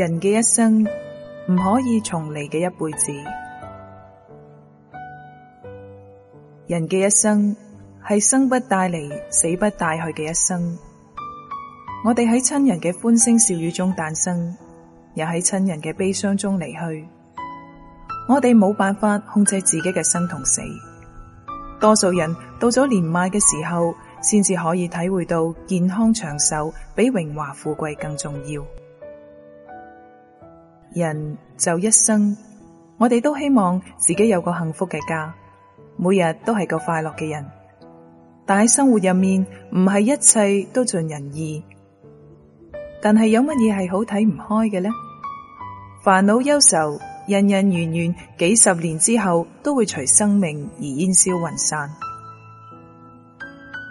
人嘅一生，唔可以重嚟嘅一輩子，人嘅一生係生不帶嚟，死不帶去嘅一生。我哋喺親人嘅歡聲笑語中誕生，又喺親人嘅悲傷中離去。我哋冇辦法控制自己嘅生同死。多數人到咗年邁嘅時候，先至可以體會到健康長壽比榮華富貴更重要。人就一生，我哋都希望自己有個幸福嘅家，每日都係個快樂嘅人。但喺生活入面，唔係一切都盡人意。但係有乜嘢係好睇唔開嘅呢？煩惱、憂愁、恩恩怨怨，幾十年之後都會隨生命而煙消雲散。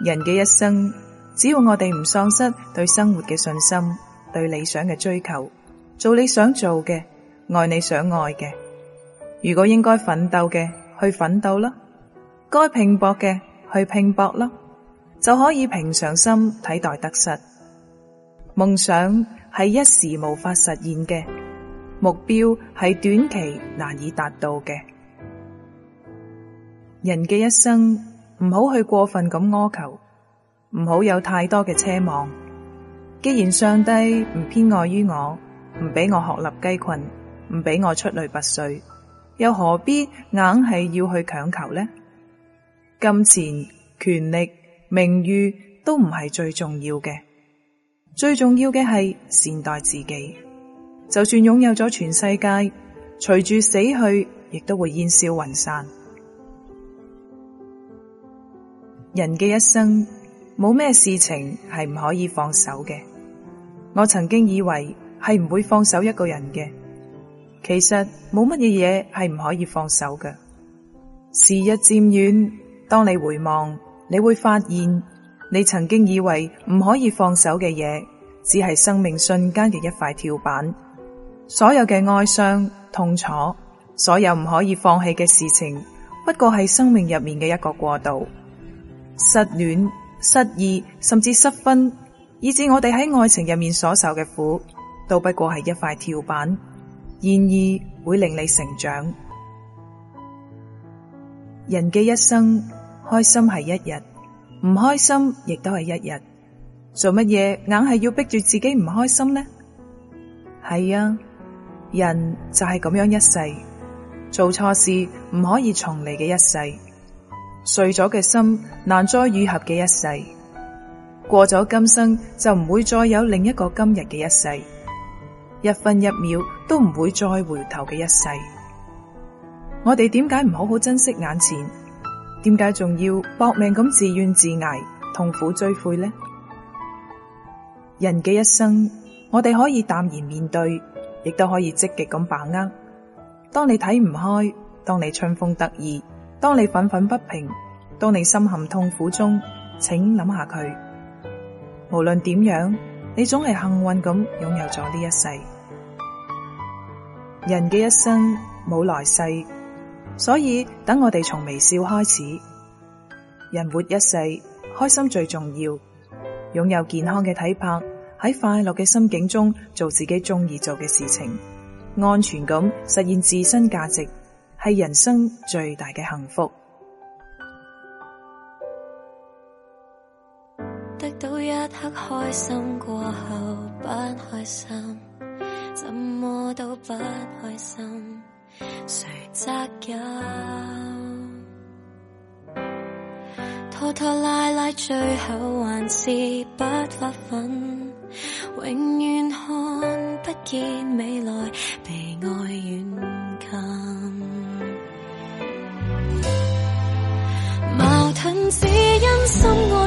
人嘅一生，只要我哋唔喪失對生活嘅信心，對理想嘅追求。做你想做嘅，愛你想愛嘅。如果應該奮鬥嘅，去奮鬥啦；該拼搏嘅，去拼搏啦。就可以平常心睇待得失。夢想係一時無法實現嘅，目標係短期難以達到嘅。人嘅一生唔好去過分咁苛求，唔好有太多嘅奢望。既然上帝唔偏愛於我。唔俾我鶴立雞群，唔俾我出類拔萃，又何必硬係要去強求呢？金錢、權力、名譽都唔係最重要嘅，最重要嘅係善待自己。就算擁有咗全世界，隨住死去，亦都會煙消雲散。人嘅一生冇咩事情係唔可以放手嘅。我曾經以為。係唔會放手一個人嘅。其實冇乜嘢嘢係唔可以放手嘅。時日漸遠，當你回望，你會發現你曾經以為唔可以放手嘅嘢，只係生命瞬間嘅一塊跳板。所有嘅哀傷、痛楚，所有唔可以放棄嘅事情，不過係生命入面嘅一個過渡。失戀、失意，甚至失婚，以致我哋喺愛情入面所受嘅苦。都不過係一塊跳板，然而會令你成長。人嘅一生開心係一日，唔開心亦都係一日。做乜嘢硬係要逼住自己唔開心呢？係啊，人就係咁樣一世，做錯事唔可以重嚟嘅一世，碎咗嘅心難再癒合嘅一世，過咗今生就唔會再有另一個今日嘅一世。一分一秒都唔會再回頭嘅一世，我哋點解唔好好珍惜眼前？點解仲要搏命咁自怨自艾，痛苦追悔呢？人嘅一生，我哋可以淡然面對，亦都可以積極咁把握。當你睇唔開，當你春風得意，當你憤憤不平，當你深陷痛苦中，請諗下佢。無論點樣。你總係幸運咁擁有咗呢一世。人嘅一生冇來世，所以等我哋從微笑開始。人活一世，開心最重要。擁有健康嘅體魄，喺快樂嘅心境中做自己中意做嘅事情，安全感實現自身價值，係人生最大嘅幸福。得開心過後不開心，什麼都不開心，誰責任？拖拖拉拉，最後還是不發奮，永遠看不見未來被愛遠近，矛盾只因心。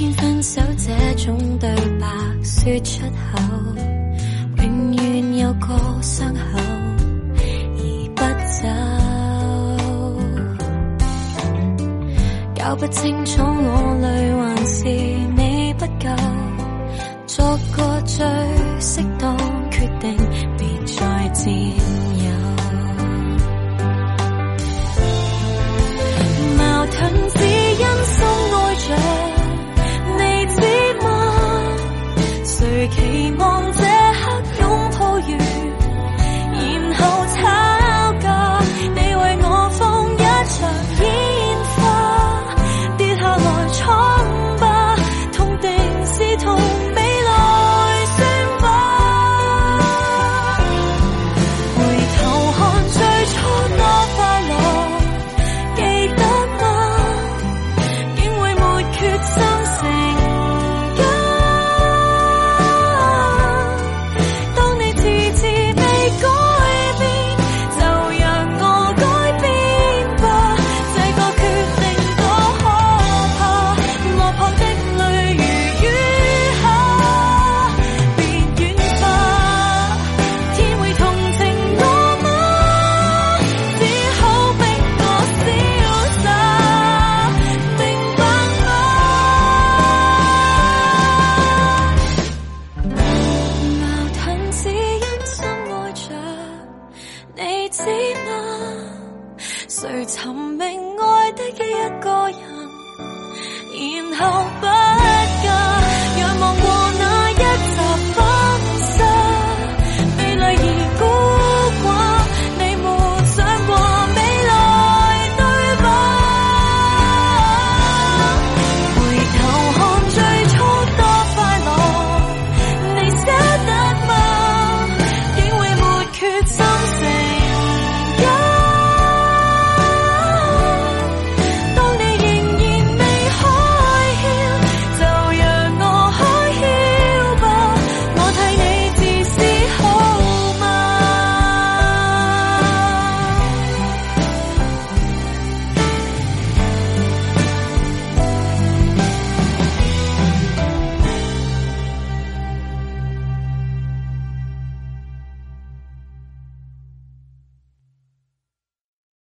見分手這種對白說出口，永遠有個傷口而不走。搞不清楚我累還是你不夠，作個最適當決定，別再見。明明愛的一個人，然後。